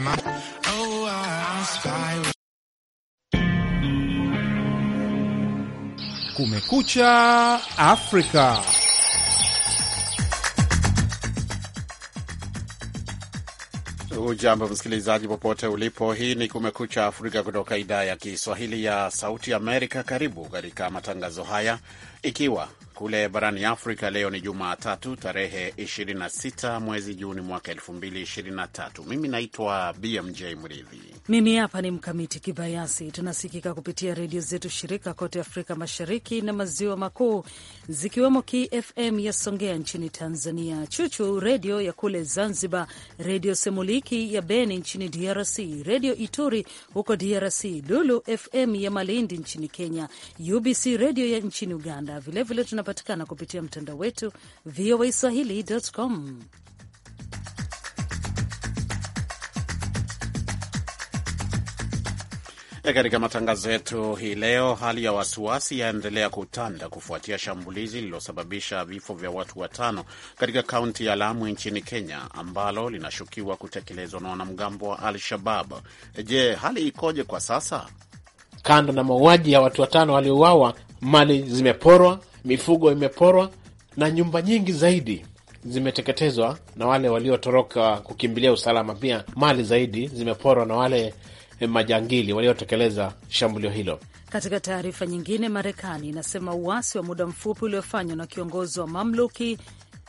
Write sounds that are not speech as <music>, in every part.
Oh, Kumekucha Afrika. Ujambo msikilizaji, popote ulipo. Hii ni Kumekucha Afrika kutoka idhaa ya Kiswahili ya Sauti Amerika. Karibu katika matangazo haya, ikiwa kule barani Afrika leo ni Jumatatu tarehe 26 mwezi Juni mwaka 2023. Mimi naitwa BMJ Mridhi, mimi hapa ni Mkamiti Kibayasi. Tunasikika kupitia redio zetu shirika kote Afrika Mashariki na Maziwa Makuu, zikiwemo KFM ya Songea nchini Tanzania, Chuchu Redio ya kule Zanzibar, Redio Semuliki ya Beni nchini DRC, Redio Ituri huko DRC, Lulu FM ya Malindi nchini Kenya, UBC Redio ya nchini Uganda. Vilevile tuna tunapatikana kupitia mtandao wetu VOA Swahili.com. Katika matangazo yetu hii leo, hali ya wasiwasi yaendelea kutanda kufuatia shambulizi lililosababisha vifo vya watu watano katika kaunti ya Lamu nchini Kenya, ambalo linashukiwa kutekelezwa na wanamgambo wa Al Shabab. Je, hali ikoje kwa sasa? Kando na mauaji ya watu watano waliouawa, mali zimeporwa mifugo imeporwa na nyumba nyingi zaidi zimeteketezwa na wale waliotoroka kukimbilia usalama. Pia mali zaidi zimeporwa na wale eh, majangili waliotekeleza shambulio hilo. Katika taarifa nyingine, Marekani inasema uasi wa muda mfupi uliofanywa na kiongozi wa mamluki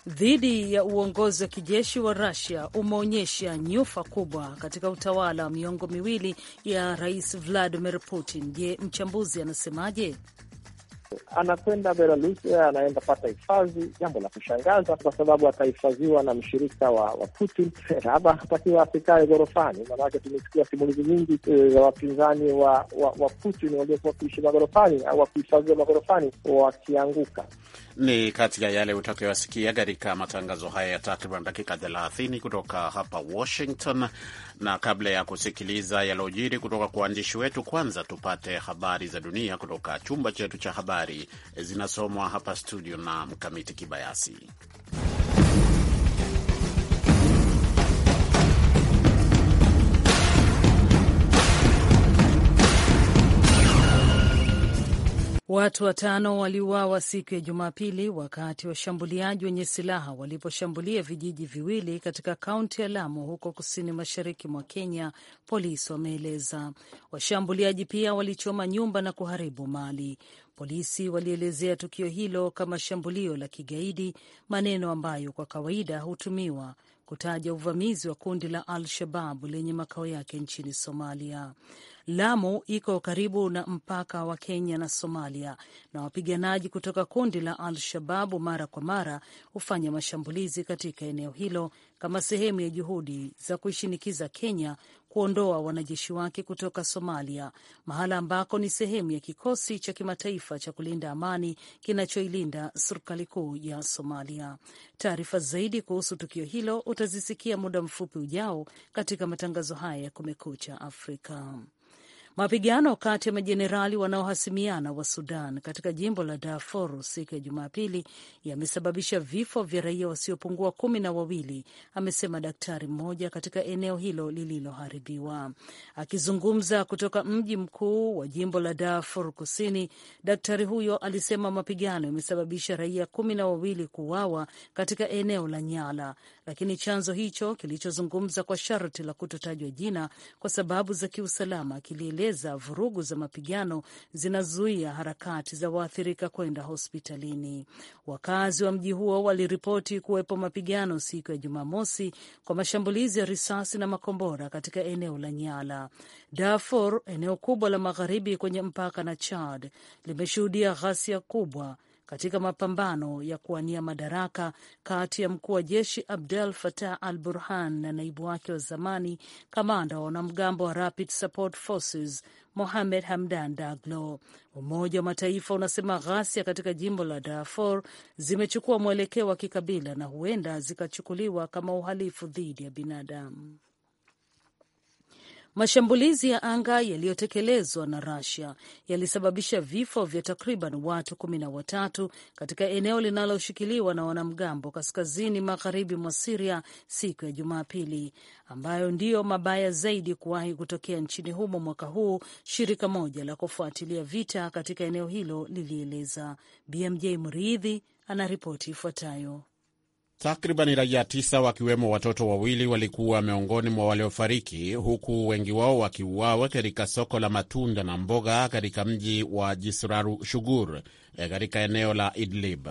dhidi ya uongozi wa kijeshi wa rasia umeonyesha nyufa kubwa katika utawala wa miongo miwili ya Rais Vladimir Putin. Je, mchambuzi anasemaje? anakwenda Belarus, anaenda pata hifadhi, jambo la kushangaza, kwa sababu atahifadhiwa na mshirika wa, wa Putin <laughs> labda hatakiwa asikae ghorofani. Maanake tumesikia simulizi nyingi e, za wapinzani wa, wa, wa Putin waliokuwa wakiishi maghorofani au wakuhifadhiwa maghorofani wakianguka ni kati ya yale utakayosikia katika matangazo haya ya takriban dakika 30 kutoka hapa Washington. Na kabla ya kusikiliza yalojiri kutoka kwa waandishi wetu, kwanza tupate habari za dunia kutoka chumba chetu cha habari, zinasomwa hapa studio na Mkamiti Kibayasi. Watu watano waliuawa siku ya Jumapili wakati washambuliaji wenye silaha waliposhambulia vijiji viwili katika kaunti ya Lamu huko kusini mashariki mwa Kenya, polisi wameeleza. Washambuliaji pia walichoma nyumba na kuharibu mali. Polisi walielezea tukio hilo kama shambulio la kigaidi, maneno ambayo kwa kawaida hutumiwa kutaja uvamizi wa kundi la al shababu lenye makao yake nchini Somalia. Lamu iko karibu na mpaka wa Kenya na Somalia, na wapiganaji kutoka kundi la Al-Shababu mara kwa mara hufanya mashambulizi katika eneo hilo kama sehemu ya juhudi za kuishinikiza Kenya kuondoa wanajeshi wake kutoka Somalia, mahala ambako ni sehemu ya kikosi cha kimataifa cha kulinda amani kinachoilinda serikali kuu ya Somalia. Taarifa zaidi kuhusu tukio hilo utazisikia muda mfupi ujao katika matangazo haya ya Kumekucha Afrika. Mapigano kati ya majenerali wanaohasimiana wa Sudan katika jimbo la Darfur siku ya Jumapili yamesababisha vifo vya raia wasiopungua kumi na wawili, amesema daktari mmoja katika eneo hilo lililoharibiwa. Akizungumza kutoka mji mkuu wa jimbo la Darfur Kusini, daktari huyo alisema mapigano yamesababisha raia kumi na wawili kuuawa katika eneo la Nyala, lakini chanzo hicho kilichozungumza kwa sharti la kutotajwa jina kwa sababu za kiusalama kili alieleza vurugu za mapigano zinazuia harakati za waathirika kwenda hospitalini. Wakazi wa mji huo waliripoti kuwepo mapigano siku ya Jumamosi kwa mashambulizi ya risasi na makombora katika eneo la Nyala. Darfur, eneo kubwa la magharibi kwenye mpaka na Chad, limeshuhudia ghasia kubwa katika mapambano ya kuwania madaraka kati ya mkuu wa jeshi Abdel Fattah al Burhan na naibu wake wa zamani kamanda wa wanamgambo wa Rapid Support Forces Mohamed Hamdan Daglo. Umoja wa Mataifa unasema ghasia katika jimbo la Darfur zimechukua mwelekeo wa kikabila na huenda zikachukuliwa kama uhalifu dhidi ya binadamu. Mashambulizi ya anga yaliyotekelezwa na rasia yalisababisha vifo vya takriban watu kumi na watatu katika eneo linaloshikiliwa na wanamgambo kaskazini magharibi mwa Siria siku ya Jumapili, ambayo ndiyo mabaya zaidi kuwahi kutokea nchini humo mwaka huu, shirika moja la kufuatilia vita katika eneo hilo lilieleza. BMJ Mridhi anaripoti ifuatayo. Takriban raia tisa wakiwemo watoto wawili walikuwa miongoni mwa waliofariki huku wengi wao wakiuawa katika soko la matunda na mboga katika mji wa Jisraru Shugur eh, katika eneo la Idlib.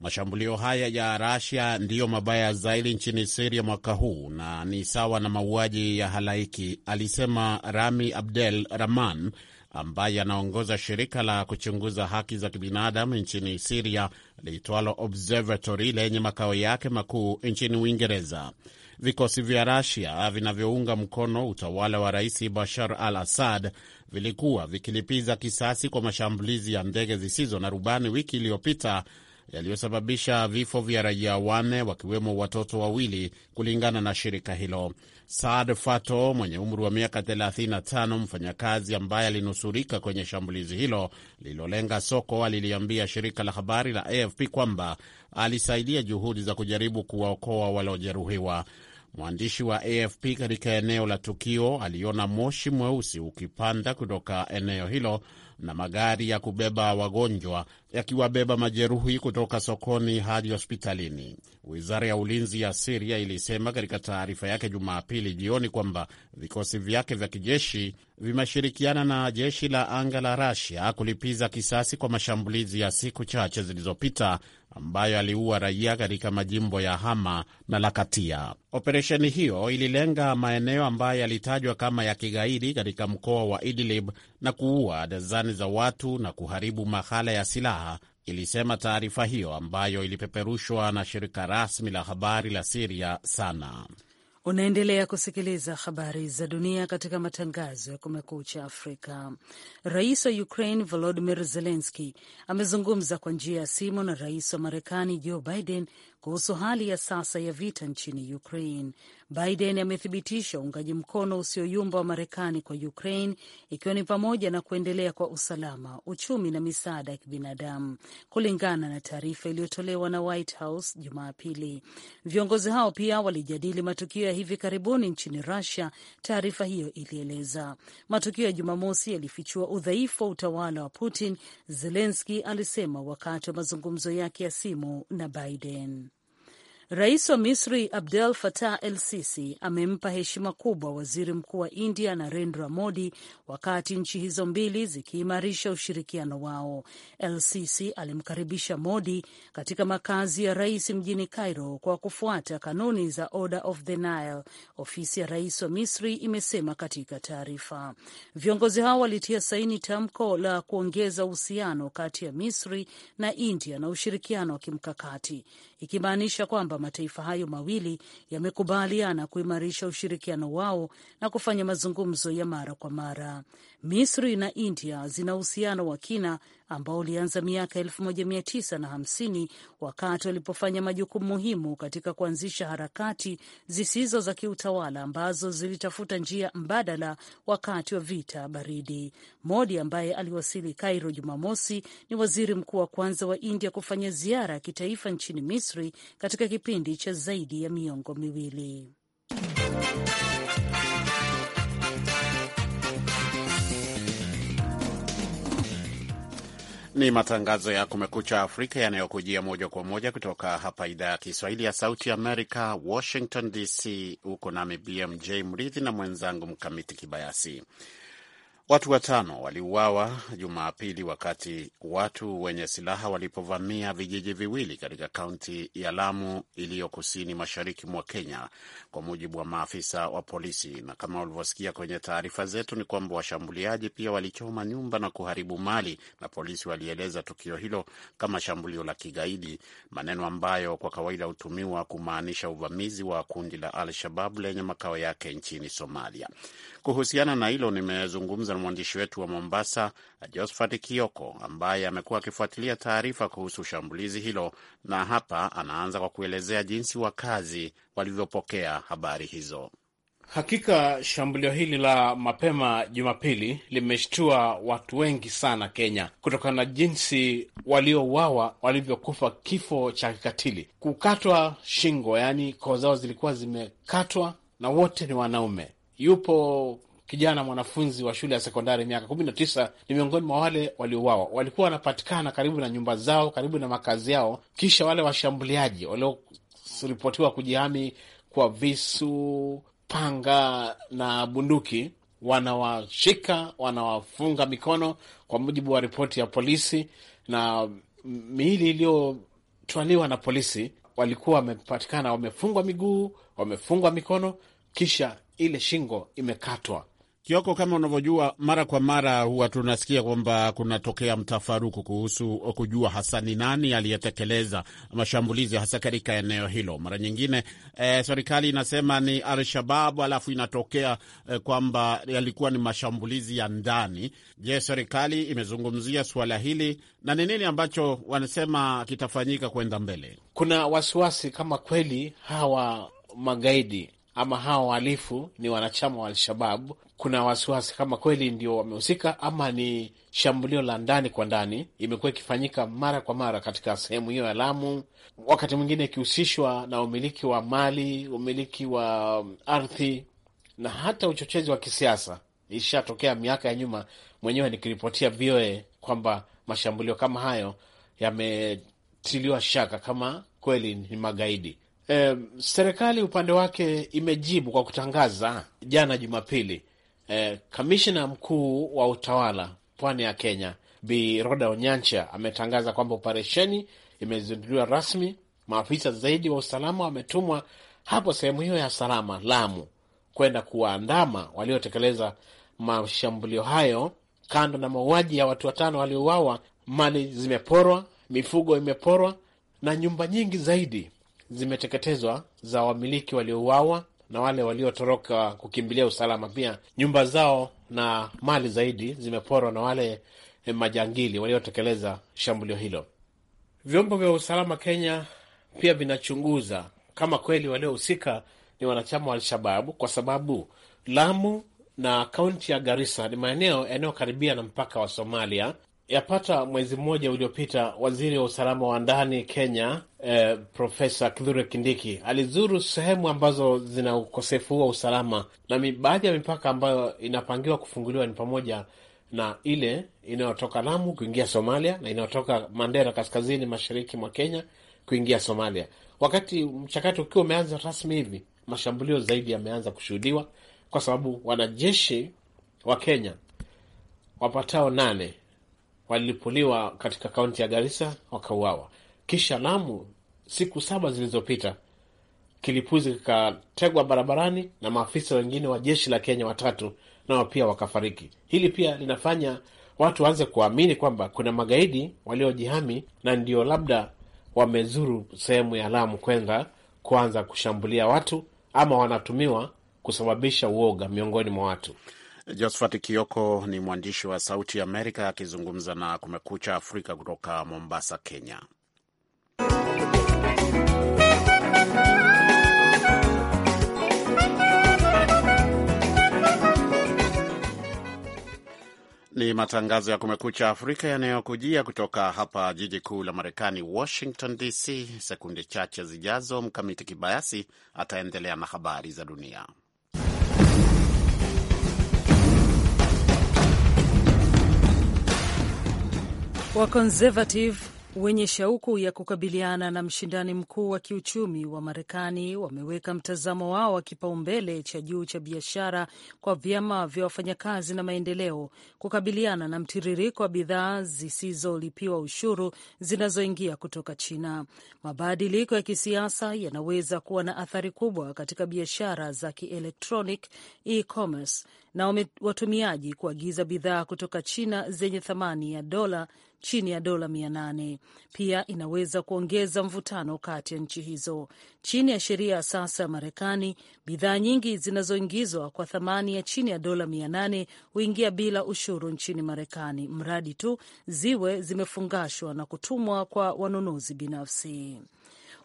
Mashambulio haya ya Rasia ndiyo mabaya zaidi nchini Siria mwaka huu na ni sawa na mauaji ya halaiki, alisema Rami Abdel Rahman, ambaye anaongoza shirika la kuchunguza haki za kibinadamu nchini Siria liitwalo Observatory lenye makao yake makuu nchini Uingereza. Vikosi vya Rasia vinavyounga mkono utawala wa Rais Bashar al Assad vilikuwa vikilipiza kisasi kwa mashambulizi ya ndege zisizo na rubani wiki iliyopita yaliyosababisha vifo vya raia wanne wakiwemo watoto wawili, kulingana na shirika hilo. Saad Fato mwenye umri wa miaka 35, mfanyakazi ambaye alinusurika kwenye shambulizi hilo lililolenga soko, aliliambia shirika la habari la AFP kwamba alisaidia juhudi za kujaribu kuwaokoa waliojeruhiwa. Mwandishi wa AFP katika eneo la tukio aliona moshi mweusi ukipanda kutoka eneo hilo na magari ya kubeba wagonjwa yakiwabeba majeruhi kutoka sokoni hadi hospitalini. Wizara ya ulinzi ya Siria ilisema katika taarifa yake Jumapili jioni kwamba vikosi vyake vya kijeshi vimeshirikiana na jeshi la anga la rasia kulipiza kisasi kwa mashambulizi ya siku chache zilizopita ambayo aliua raia katika majimbo ya Hama na Lakatia. Operesheni hiyo ililenga maeneo ambayo yalitajwa kama ya kigaidi katika mkoa wa Idlib na kuua dazani za watu na kuharibu mahala ya silaha silaha, ilisema taarifa hiyo ambayo ilipeperushwa na shirika rasmi la habari la Siria SANA. Unaendelea kusikiliza habari za dunia katika matangazo ya Kumekucha Afrika. Rais wa Ukraine Volodimir Zelenski amezungumza kwa njia ya simu na rais wa Marekani Joe Biden kuhusu hali ya sasa ya vita nchini Ukraine. Biden amethibitisha uungaji mkono usioyumba wa Marekani kwa Ukraine, ikiwa ni pamoja na kuendelea kwa usalama, uchumi na misaada ya kibinadamu, kulingana na taarifa iliyotolewa na White House Jumapili. Viongozi hao pia walijadili matukio ya hivi karibuni nchini Russia, taarifa hiyo ilieleza. Matukio ya Jumamosi yalifichua udhaifu wa utawala wa Putin, Zelenski alisema wakati wa mazungumzo yake ya simu na Biden. Rais wa Misri Abdel Fattah El Sisi amempa heshima kubwa waziri mkuu wa India Narendra Modi wakati nchi hizo mbili zikiimarisha ushirikiano wao. El Sisi alimkaribisha Modi katika makazi ya rais mjini Cairo kwa kufuata kanuni za Order of the Nile, ofisi ya rais wa Misri imesema katika taarifa. Viongozi hao walitia saini tamko la kuongeza uhusiano kati ya Misri na India na ushirikiano wa kimkakati ikimaanisha kwamba mataifa hayo mawili yamekubaliana kuimarisha ushirikiano wao na kufanya mazungumzo ya mara kwa mara. Misri na India zina uhusiano wa kina ambao ulianza miaka 1950 wakati walipofanya majukumu muhimu katika kuanzisha harakati zisizo za kiutawala ambazo zilitafuta njia mbadala wakati wa vita baridi. Modi ambaye aliwasili Kairo Jumamosi ni waziri mkuu wa kwanza wa India kufanya ziara ya kitaifa nchini Misri katika kipindi cha zaidi ya miongo miwili. Ni matangazo ya Kumekucha Afrika yanayokujia moja kwa moja kutoka hapa idhaa ya Kiswahili ya Sauti Amerika, Washington DC. Huko nami BMJ Mridhi na mwenzangu Mkamiti Kibayasi. Watu watano waliuawa Jumapili wakati watu wenye silaha walipovamia vijiji viwili katika kaunti ya Lamu iliyo kusini mashariki mwa Kenya, kwa mujibu wa maafisa wa polisi. Na kama ulivyosikia kwenye taarifa zetu, ni kwamba washambuliaji pia walichoma nyumba na kuharibu mali, na polisi walieleza tukio hilo kama shambulio la kigaidi, maneno ambayo kwa kawaida hutumiwa kumaanisha uvamizi wa kundi la Al Shabab lenye makao yake nchini Somalia. Kuhusiana na hilo nimezungumza na mwandishi wetu wa Mombasa, Josphat Kioko, ambaye amekuwa akifuatilia taarifa kuhusu shambulizi hilo, na hapa anaanza kwa kuelezea jinsi wakazi walivyopokea habari hizo. Hakika shambulio hili la mapema Jumapili limeshtua watu wengi sana Kenya, kutokana na jinsi waliouawa walivyokufa kifo cha kikatili, kukatwa shingo, yaani koo zao zilikuwa zimekatwa, na wote ni wanaume. Yupo kijana mwanafunzi wa shule ya sekondari miaka kumi na tisa ni miongoni mwa wale waliouawa. Walikuwa wanapatikana karibu na nyumba zao, karibu na makazi yao. Kisha wale washambuliaji walioripotiwa kujihami kwa visu, panga na bunduki wanawashika, wanawafunga mikono, kwa mujibu wa ripoti ya polisi. Na miili iliyotwaliwa na polisi walikuwa wamepatikana wamefungwa miguu, wamefungwa mikono, kisha ile shingo imekatwa Kioko, kama unavyojua, mara kwa mara huwa tunasikia kwamba kunatokea mtafaruku kuhusu kujua hasa ni nani aliyetekeleza mashambulizi hasa katika eneo hilo. Mara nyingine e, serikali inasema ni Al-Shabab, alafu inatokea e, kwamba yalikuwa ni mashambulizi ya ndani. Je, serikali imezungumzia suala hili na ni nini ambacho wanasema kitafanyika kwenda mbele? Kuna wasiwasi kama kweli hawa magaidi ama hawa wahalifu ni wanachama wa alshababu kuna wasiwasi kama kweli ndio wamehusika ama ni shambulio la ndani kwa ndani. Imekuwa ikifanyika mara kwa mara katika sehemu hiyo ya Lamu, wakati mwingine ikihusishwa na umiliki wa mali, umiliki wa um, ardhi na hata uchochezi wa kisiasa. Ishatokea miaka ya nyuma, mwenyewe nikiripotia VOA kwamba mashambulio kama hayo yametiliwa shaka kama kweli ni magaidi. E, serikali upande wake imejibu kwa kutangaza jana Jumapili eh, mkuu wa utawala pwani ya Kenya Bi Roda Onyancha ametangaza kwamba operesheni imezinduliwa rasmi. Maafisa zaidi wa usalama wametumwa hapo sehemu hiyo ya salama Lamu kwenda kuwaandama waliotekeleza mashambulio hayo. Kando na mauaji ya watu watano waliouawa, mali zimeporwa, mifugo imeporwa na nyumba nyingi zaidi zimeteketezwa za wamiliki waliouawa na wale waliotoroka kukimbilia usalama, pia nyumba zao na mali zaidi zimeporwa na wale eh, majangili waliotekeleza shambulio hilo. Vyombo vya usalama Kenya pia vinachunguza kama kweli waliohusika ni wanachama wa Alshababu kwa sababu Lamu na kaunti ya Garissa ni maeneo yanayokaribia na mpaka wa Somalia, Yapata mwezi mmoja uliopita, waziri wa usalama wa ndani Kenya eh, Profesa Kithure Kindiki alizuru sehemu ambazo zina ukosefu wa usalama, na baadhi ya mipaka ambayo inapangiwa kufunguliwa ni pamoja na ile inayotoka Lamu kuingia Somalia na inayotoka Mandera kaskazini mashariki mwa Kenya kuingia Somalia. Wakati mchakato ukiwa umeanza rasmi hivi, mashambulio zaidi yameanza kushuhudiwa kwa sababu wanajeshi wa Kenya wapatao nane walilipuliwa katika kaunti ya Garissa wakauawa. Kisha Lamu, siku saba zilizopita, kilipuzi kikategwa barabarani na maafisa wengine wa jeshi la Kenya watatu nao pia wakafariki. Hili pia linafanya watu waanze kuamini kwamba kuna magaidi waliojihami na ndio labda wamezuru sehemu ya Lamu kwenda kuanza kushambulia watu ama wanatumiwa kusababisha uoga miongoni mwa watu. Josphat Kioko ni mwandishi wa Sauti Amerika akizungumza na Kumekucha Afrika kutoka Mombasa, Kenya. Ni matangazo ya Kumekucha Afrika yanayokujia kutoka hapa jiji kuu la Marekani, Washington DC. Sekunde chache zijazo, Mkamiti Kibayasi ataendelea na habari za dunia. Wa Conservative wenye shauku ya kukabiliana na mshindani mkuu wa kiuchumi wa Marekani wameweka mtazamo wao wa kipaumbele cha juu cha biashara kwa vyama vya wafanyakazi na maendeleo kukabiliana na mtiririko wa bidhaa zisizolipiwa ushuru zinazoingia kutoka China. Mabadiliko ya kisiasa yanaweza kuwa na athari kubwa katika biashara za kielektronic e-commerce, na watumiaji kuagiza bidhaa kutoka China zenye thamani ya dola chini ya dola mia nane. Pia inaweza kuongeza mvutano kati ya nchi hizo. Chini ya sheria ya sasa ya Marekani, bidhaa nyingi zinazoingizwa kwa thamani ya chini ya dola mia nane huingia bila ushuru nchini Marekani, mradi tu ziwe zimefungashwa na kutumwa kwa wanunuzi binafsi.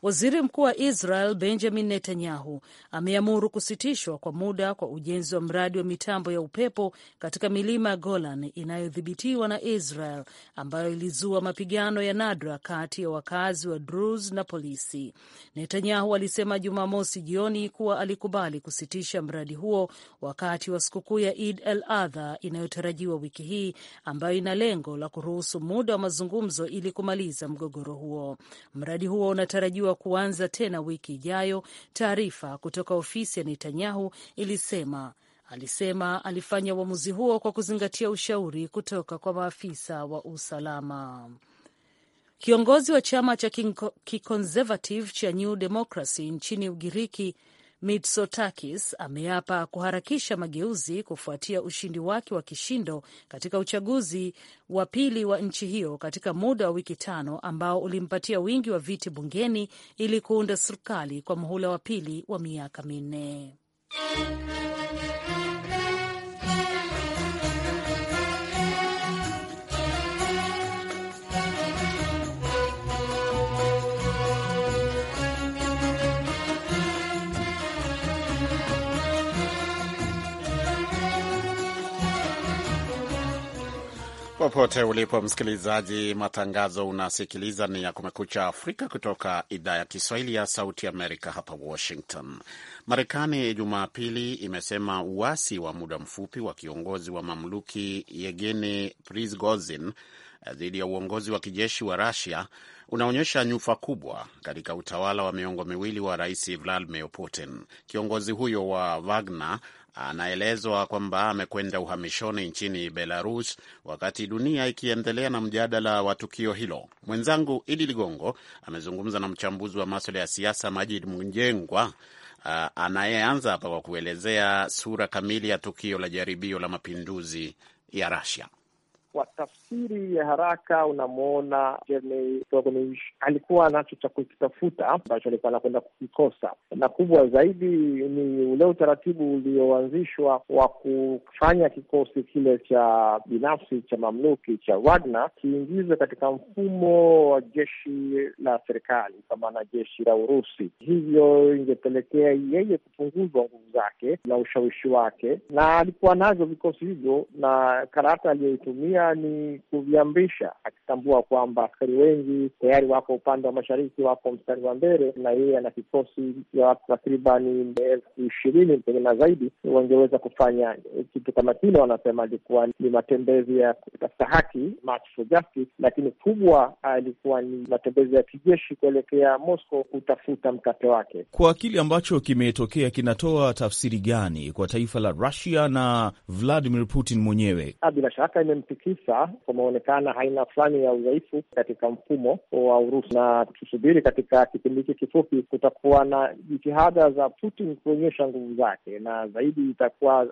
Waziri Mkuu wa Israel Benjamin Netanyahu ameamuru kusitishwa kwa muda kwa ujenzi wa mradi wa mitambo ya upepo katika milima ya Golan inayodhibitiwa na Israel ambayo ilizua mapigano ya nadra kati ya wakazi wa Druze na polisi. Netanyahu alisema Jumamosi jioni kuwa alikubali kusitisha mradi huo wakati wa sikukuu ya id al Adha inayotarajiwa wiki hii ambayo ina lengo la kuruhusu muda wa mazungumzo ili kumaliza mgogoro huo. Mradi huo unatarajiwa inatarajiwa kuanza tena wiki ijayo, taarifa kutoka ofisi ya Netanyahu ilisema. Alisema alifanya uamuzi huo kwa kuzingatia ushauri kutoka kwa maafisa wa usalama. Kiongozi wa chama cha kiconservative cha New Democracy nchini Ugiriki Mitsotakis ameapa kuharakisha mageuzi kufuatia ushindi wake wa kishindo katika uchaguzi wa pili wa nchi hiyo katika muda wa wiki tano ambao ulimpatia wingi wa viti bungeni ili kuunda serikali kwa muhula wa pili wa miaka minne. Popote ulipo msikilizaji, matangazo unasikiliza ni ya Kumekucha Afrika kutoka idhaa ya Kiswahili ya Sauti Amerika, hapa Washington. Marekani Jumapili imesema uasi wa muda mfupi wa kiongozi wa mamluki yegeni Prigozhin dhidi ya uongozi wa kijeshi wa Rusia unaonyesha nyufa kubwa katika utawala wa miongo miwili wa Rais Vladimir Putin. Kiongozi huyo wa Wagner anaelezwa kwamba amekwenda uhamishoni nchini Belarus wakati dunia ikiendelea na mjadala wa tukio hilo. Mwenzangu Idi Ligongo amezungumza na mchambuzi wa maswala ya siasa Majid Mjengwa anayeanza hapa kwa kuelezea sura kamili ya tukio la jaribio la mapinduzi ya rasia tafsiri ya haraka unamwona Jeremy alikuwa nacho cha kukitafuta ambacho alikuwa anakwenda kukikosa, na kubwa zaidi ni ule utaratibu ulioanzishwa wa kufanya kikosi kile cha binafsi cha mamluki cha Wagner kiingizwe katika mfumo wa jeshi la serikali, kwa maana jeshi la Urusi. Hivyo ingepelekea yeye kupunguzwa nguvu zake na ushawishi wake, na alikuwa navyo vikosi hivyo, na karata aliyoitumia ni kuviamrisha, akitambua kwamba askari wengi tayari wako upande wa mashariki, wako mstari wa mbele, na yeye ana kikosi cha takribani elfu ishirini pengine na zaidi, wangeweza kufanya kitu kama kile. Wanasema alikuwa ni matembezi ya kutafuta haki, march for justice, lakini kubwa alikuwa ni matembezi ya kijeshi kuelekea Moscow kutafuta mkate wake. Kwa kile ambacho kimetokea, kinatoa tafsiri gani kwa taifa la Russia na Vladimir Putin mwenyewe? Ah, bila shaka imemtikisa kumeonekana haina fulani ya udhaifu katika mfumo wa Urusi, na tusubiri katika kipindi hiki kifupi, kutakuwa na jitihada za Putin kuonyesha nguvu zake, na zaidi itakuwa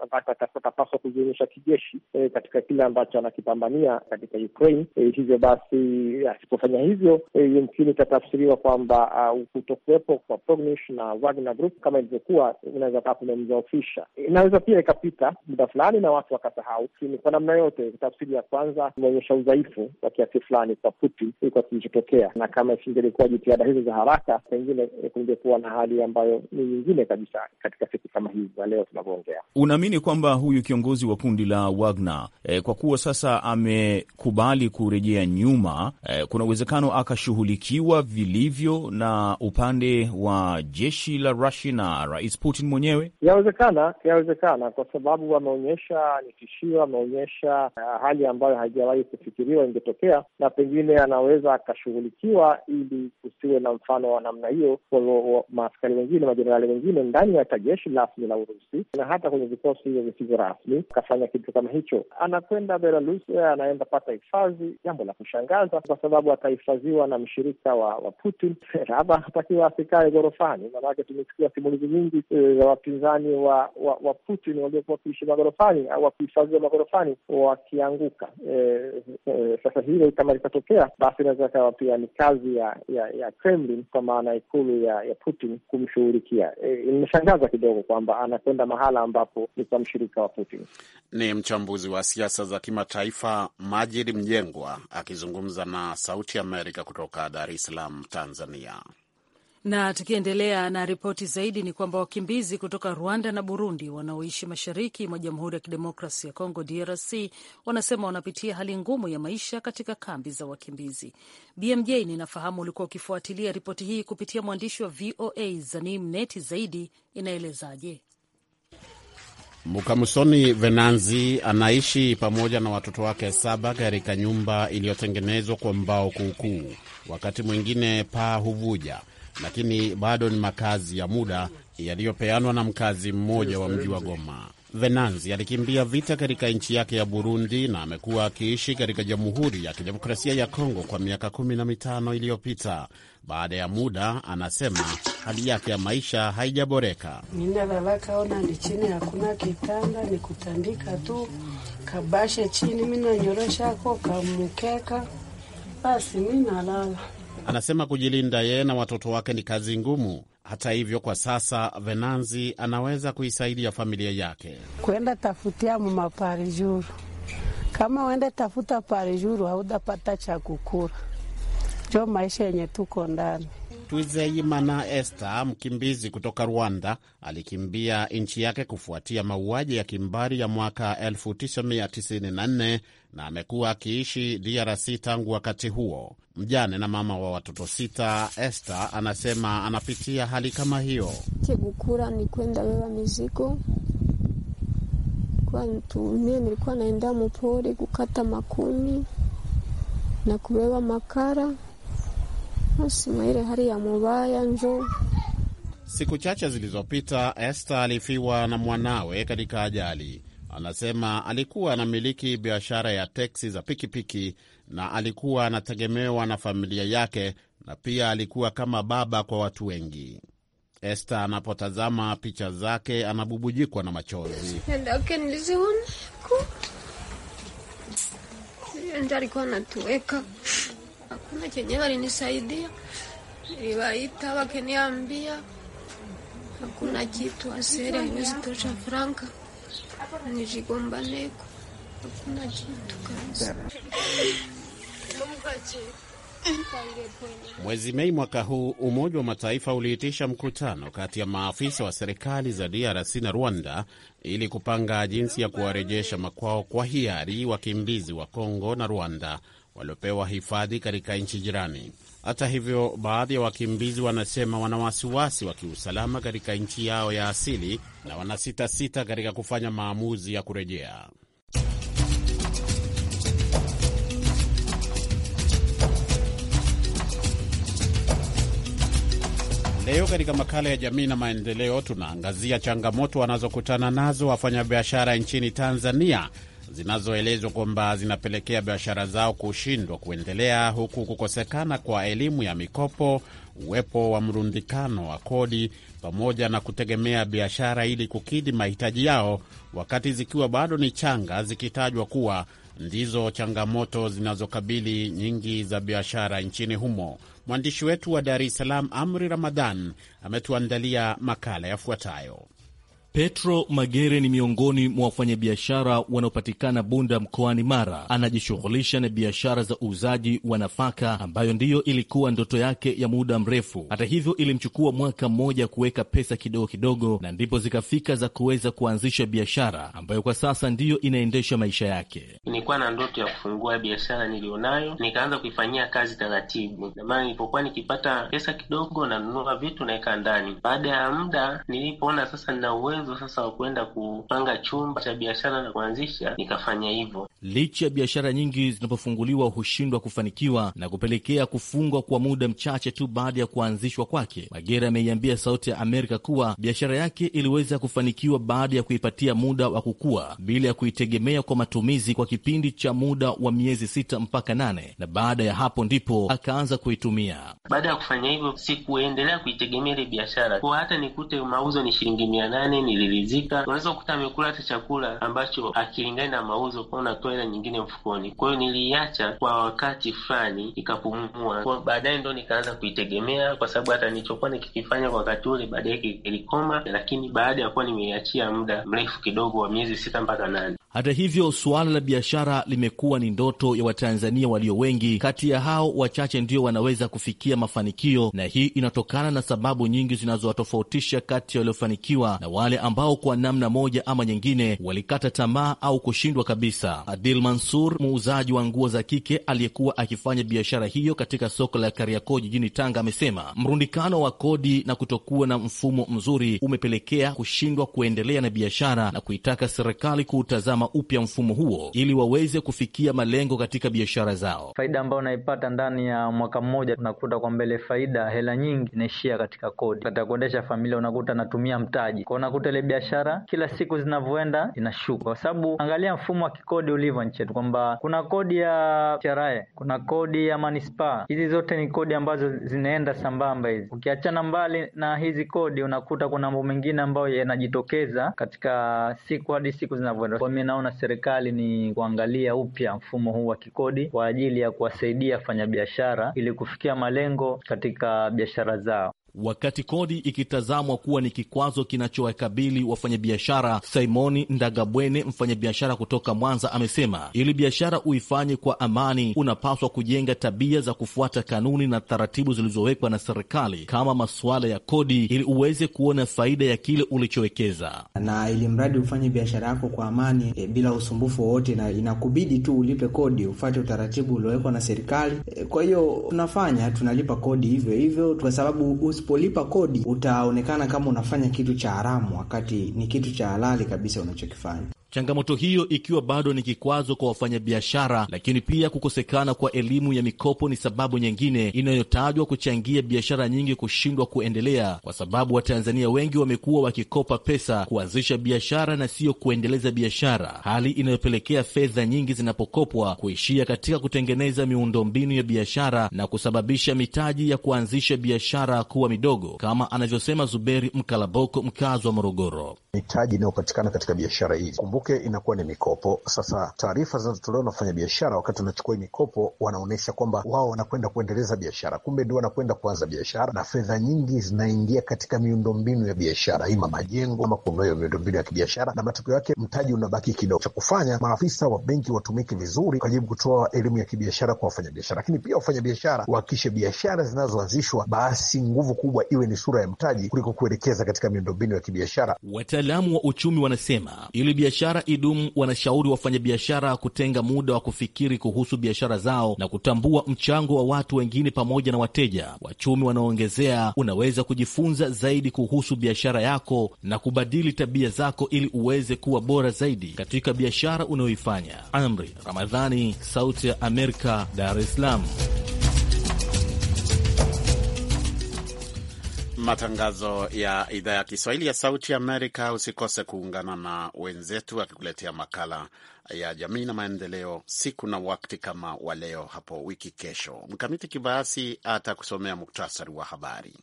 atapaswa kuzionyesha kijeshi e, katika kile ambacho anakipambania katika Ukraine. E, hivyo basi asipofanya hivyo yumkini e, itatafsiriwa kwamba uh, kutokuwepo kwa na Wagner Group kama ilivyokuwa inaweza kaa kumemdhoofisha. Inaweza pia ikapita muda fulani na watu wakasahau, lakini kwa namna yote, tafsiri ya kwanza kuonyesha udhaifu wa kiasi fulani kwa Putin iko kilichotokea, na kama isingelikuwa jitihada hizo za haraka, pengine kungekuwa na hali ambayo ni nyingine kabisa katika siku kama hizi za leo tunavyoongea. Unaamini kwamba huyu kiongozi wa kundi la Wagner e, kwa kuwa sasa amekubali kurejea nyuma e, kuna uwezekano akashughulikiwa vilivyo na upande wa jeshi la Rusia na Rais Putin mwenyewe? Yawezekana, yawezekana, kwa sababu ameonyesha ni tishio, ameonyesha uh, hali ambayo hajawahi haikuwahi ingetokea, na pengine anaweza akashughulikiwa ili kusiwe na mfano wa namna hiyo. Kwa hivyo maaskari wengine, majenerali wengine ndani ya hata jeshi rasmi la Urusi na hata kwenye vikosi hivyo visivyo rasmi akafanya kitu kama hicho, anakwenda Belarus, eh, anaenda pata hifadhi, jambo la kushangaza kwa sababu atahifadhiwa na mshirika wa, wa Putin. <laughs> Labda atakiwa asikae ghorofani, manake tumesikia simulizi nyingi eh, za wapinzani wa, wa, wa Putin waliokuwa wakiishi maghorofani au wakuhifadhiwa maghorofani wakianguka e, Eh, sasa hilo kama litatokea, basi inaweza kawa pia ni kazi ya ya, ya Kremlin kwa maana ikulu ya ya Putin kumshughulikia. Eh, imeshangaza e, kidogo kwamba anakwenda mahala ambapo ni kwa mshirika wa Putin. Ni mchambuzi wa siasa za kimataifa Majid Mjengwa akizungumza na Sauti Amerika kutoka Dar es Salaam, Tanzania. Na tukiendelea na ripoti zaidi ni kwamba wakimbizi kutoka Rwanda na Burundi wanaoishi mashariki mwa Jamhuri ya Kidemokrasi ya Kongo, DRC, wanasema wanapitia hali ngumu ya maisha katika kambi za wakimbizi. BMJ, ninafahamu ulikuwa ukifuatilia ripoti hii kupitia mwandishi wa VOA Zanim Neti. Zaidi inaelezaje? Mukamusoni Venanzi anaishi pamoja na watoto wake saba katika nyumba iliyotengenezwa kwa mbao kuukuu. Wakati mwingine paa huvuja lakini bado ni makazi ya muda yaliyopeanwa na mkazi mmoja wa mji wa Goma. Venanzi alikimbia vita katika nchi yake ya Burundi na amekuwa akiishi katika Jamhuri ya Kidemokrasia ya Kongo kwa miaka kumi na mitano iliyopita. Baada ya muda, anasema hali yake ya maisha haijaboreka. Minalalaka ona ni chini, hakuna kitanda, ni kutandika tu kabashe chini, minanyoreshako kamukeka, basi nalala Anasema kujilinda yeye na watoto wake ni kazi ngumu. Hata hivyo, kwa sasa Venanzi anaweza kuisaidia familia yake kwenda tafutia mumaparijuru. Kama uende tafuta parijuru, haudapata cha kukura. Jo, maisha yenye tuko ndani Twizeyimana Esther, mkimbizi kutoka Rwanda, alikimbia nchi yake kufuatia mauaji ya kimbari ya mwaka 1994 na amekuwa akiishi DRC tangu wakati huo. Mjane na mama wa watoto sita, Esther anasema anapitia hali kama hiyo. Kebukura ni kwenda beba mizigo kwa mtumie, nilikuwa naenda mupori kukata makuni na kubeba makara asimaire hali ya mubaya njo Siku chache zilizopita Esther alifiwa na mwanawe katika ajali. Anasema alikuwa anamiliki biashara ya teksi za pikipiki na alikuwa anategemewa na familia yake, na pia alikuwa kama baba kwa watu wengi. Esther anapotazama picha zake anabubujikwa na machozi. Alikuwa anatuweka hakuna chenye walinisaidia. Niliwaita wakiniambia hakuna kitu, aseri haiwezi tosha franka nijigombaneko, hakuna kitu kabisa. Mwezi Mei mwaka huu Umoja wa Mataifa uliitisha mkutano kati ya maafisa wa serikali za DRC na Rwanda ili kupanga jinsi ya kuwarejesha makwao kwa hiari wakimbizi wa Kongo na Rwanda waliopewa hifadhi katika nchi jirani. Hata hivyo, baadhi ya wakimbizi wanasema wana wasiwasi wa kiusalama katika nchi yao ya asili na wanasitasita katika kufanya maamuzi ya kurejea. Leo katika makala ya jamii na maendeleo tunaangazia changamoto wanazokutana nazo wafanyabiashara nchini Tanzania zinazoelezwa kwamba zinapelekea biashara zao kushindwa kuendelea, huku kukosekana kwa elimu ya mikopo, uwepo wa mrundikano wa kodi, pamoja na kutegemea biashara ili kukidhi mahitaji yao, wakati zikiwa bado ni changa, zikitajwa kuwa ndizo changamoto zinazokabili nyingi za biashara nchini humo. Mwandishi wetu wa Dar es Salaam, Amri Ramadhan, ametuandalia makala yafuatayo. Petro Magere ni miongoni mwa wafanyabiashara wanaopatikana Bunda mkoani Mara. Anajishughulisha na biashara za uuzaji wa nafaka ambayo ndiyo ilikuwa ndoto yake ya muda mrefu. Hata hivyo, ilimchukua mwaka mmoja kuweka pesa kidogo kidogo, na ndipo zikafika za kuweza kuanzisha biashara ambayo kwa sasa ndiyo inaendesha maisha yake. Nilikuwa na ndoto ya kufungua biashara niliyonayo, nikaanza kuifanyia kazi taratibu, na maana nilipokuwa nikipata pesa kidogo nanunua vitu naweka ndani. Baada ya muda nilipoona sasa nina uwezo mwanzo sasa wa kuenda kupanga chumba cha biashara na kuanzisha, nikafanya hivyo. Licha ya biashara nyingi zinapofunguliwa hushindwa kufanikiwa na kupelekea kufungwa kwa muda mchache tu baada ya kuanzishwa kwake. Magera ameiambia Sauti ya Amerika kuwa biashara yake iliweza kufanikiwa baada ya kuipatia muda wa kukua bila ya kuitegemea kwa matumizi kwa kipindi cha muda wa miezi sita mpaka nane, na baada ya hapo ndipo akaanza kuitumia. Baada ya kufanya hivyo, sikuendelea kuitegemea ile biashara kwa hata nikute mauzo ni shilingi mia nane niliridhika. Unaweza kukuta amekula hata chakula ambacho hakilingani na mauzo, kwa unatoa hela nyingine mfukoni. Kwa hiyo niliiacha kwa wakati fulani ikapumua, baadaye ndo nikaanza kuitegemea, kwa sababu hata nilichokuwa nikikifanya kwa wakati ule baadaye kilikoma, lakini baada ya kuwa nimeiachia muda mrefu kidogo wa miezi sita mpaka nane. Hata hivyo suala la biashara limekuwa ni ndoto ya Watanzania walio wengi. Kati ya hao wachache ndio wanaweza kufikia mafanikio, na hii inatokana na sababu nyingi zinazowatofautisha kati ya waliofanikiwa na wale ambao kwa namna moja ama nyingine walikata tamaa au kushindwa kabisa. Adil Mansur, muuzaji wa nguo za kike aliyekuwa akifanya biashara hiyo katika soko la Kariakoo jijini Tanga, amesema mrundikano wa kodi na kutokuwa na mfumo mzuri umepelekea kushindwa kuendelea na biashara na kuitaka serikali kuutazama upya mfumo huo ili waweze kufikia malengo katika biashara zao. Faida ambayo unaipata ndani ya mwaka mmoja, unakuta kwa mbele faida, hela nyingi inaishia katika kodi. Katika kuendesha familia, unakuta anatumia mtaji kwa tele biashara kila siku zinavyoenda inashuka, kwa sababu angalia mfumo wa kikodi ulivyo nchi yetu, kwamba kuna kodi ya charae, kuna kodi ya manispaa. Hizi zote ni kodi ambazo zinaenda sambamba hizi. Ukiachana mbali na hizi kodi, unakuta kuna mambo mengine ambayo yanajitokeza katika siku hadi siku zinavyoenda. Kwa mimi naona serikali ni kuangalia upya mfumo huu wa kikodi kwa ajili ya kuwasaidia wafanyabiashara ili kufikia malengo katika biashara zao wakati kodi ikitazamwa kuwa ni kikwazo kinachowakabili wafanyabiashara. Simoni Ndagabwene, mfanyabiashara kutoka Mwanza, amesema ili biashara uifanye kwa amani, unapaswa kujenga tabia za kufuata kanuni na taratibu zilizowekwa na serikali, kama masuala ya kodi, ili uweze kuona faida ya kile ulichowekeza, na ili mradi ufanye biashara yako kwa amani e, bila usumbufu wowote, na inakubidi tu ulipe kodi, ufuate utaratibu uliowekwa na serikali e, kwa hiyo tunafanya tunalipa kodi hivyo hivyo kwa sababu usipolipa kodi utaonekana kama unafanya kitu cha haramu, wakati ni kitu cha halali kabisa unachokifanya changamoto hiyo ikiwa bado ni kikwazo kwa wafanyabiashara, lakini pia kukosekana kwa elimu ya mikopo ni sababu nyingine inayotajwa kuchangia biashara nyingi kushindwa kuendelea, kwa sababu Watanzania wengi wamekuwa wakikopa pesa kuanzisha biashara na siyo kuendeleza biashara, hali inayopelekea fedha nyingi zinapokopwa kuishia katika kutengeneza miundombinu ya biashara na kusababisha mitaji ya kuanzisha biashara kuwa midogo, kama anavyosema Zuberi Mkalaboko, mkazi wa Morogoro. mitaji inayopatikana katika biashara Kumbuke inakuwa ni mikopo. Sasa taarifa zinazotolewa na wafanyabiashara wakati wanachukua hii mikopo, wanaonyesha kwamba wao wanakwenda kuendeleza biashara, kumbe ndio wanakwenda kuanza biashara, na fedha nyingi zinaingia katika miundombinu ya biashara, ima majengo ama kununua miundombinu ya kibiashara, na matokeo yake mtaji unabaki kidogo. Cha kufanya maafisa wa benki watumike vizuri kwa kutoa elimu ya kibiashara kwa wafanyabiashara, lakini pia wafanyabiashara wahakikishe biashara zinazoanzishwa basi nguvu kubwa iwe ni sura ya mtaji kuliko kuelekeza katika miundombinu ya kibiashara. Wataalamu wa uchumi wanasema ili biashara biashara Idum wanashauri wafanyabiashara kutenga muda wa kufikiri kuhusu biashara zao na kutambua mchango wa watu wengine pamoja na wateja. Wachumi wanaoongezea, unaweza kujifunza zaidi kuhusu biashara yako na kubadili tabia zako ili uweze kuwa bora zaidi katika biashara unayoifanya. Amri Ramadhani, Sauti ya Amerika, Dar es Salaam. matangazo ya idhaa ya Kiswahili ya Sauti Amerika. Usikose kuungana na wenzetu akikuletea makala ya jamii na maendeleo siku na wakti kama wa leo hapo wiki kesho. Mkamiti Kibayasi atakusomea muktasari wa habari.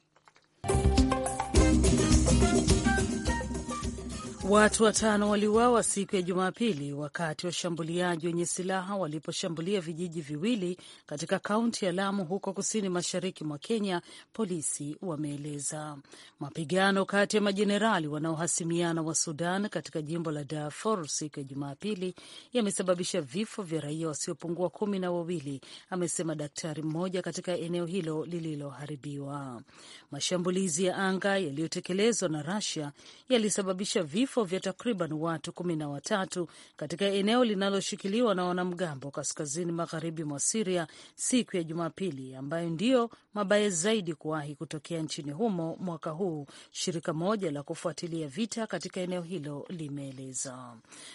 Watu watano waliuawa siku ya Jumapili wakati washambuliaji wenye silaha waliposhambulia vijiji viwili katika kaunti ya Lamu huko kusini mashariki mwa Kenya, polisi wameeleza. Mapigano kati ya majenerali wanaohasimiana wa Sudan katika jimbo la Darfur siku ya Jumapili yamesababisha vifo vya raia wasiopungua kumi na wawili, amesema daktari mmoja katika eneo hilo lililoharibiwa. Mashambulizi ya anga yaliyotekelezwa na rasia yalisababisha vifo vifo vya takriban watu kumi na watatu katika eneo linaloshikiliwa na wanamgambo kaskazini magharibi mwa Siria siku ya Jumapili, ambayo ndiyo mabaya zaidi kuwahi kutokea nchini humo mwaka huu, shirika moja la kufuatilia vita katika eneo hilo limeeleza.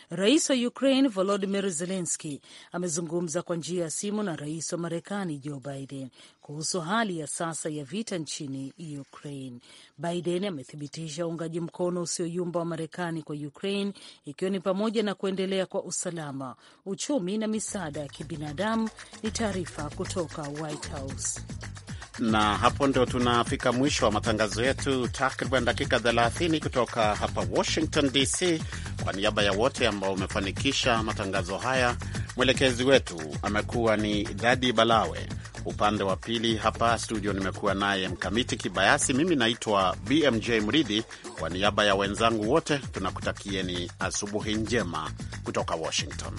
Rais wa Ukraine Volodimir Zelenski amezungumza kwa njia ya simu na rais wa Marekani Joe Biden kuhusu hali ya sasa ya vita nchini Ukraine. Biden amethibitisha uungaji mkono usioyumba wa Marekani Marekani kwa Ukraine, ikiwa ni pamoja na kuendelea kwa usalama, uchumi na misaada ya kibinadamu, ni taarifa kutoka White House. Na hapo ndo tunafika mwisho wa matangazo yetu takriban dakika 30 kutoka hapa Washington DC. Kwa niaba ya wote ambao wamefanikisha matangazo haya, mwelekezi wetu amekuwa ni Dadi Balawe. Upande wa pili hapa studio nimekuwa naye Mkamiti Kibayasi. Mimi naitwa BMJ Mridhi. Kwa niaba ya wenzangu wote tunakutakieni asubuhi njema kutoka Washington.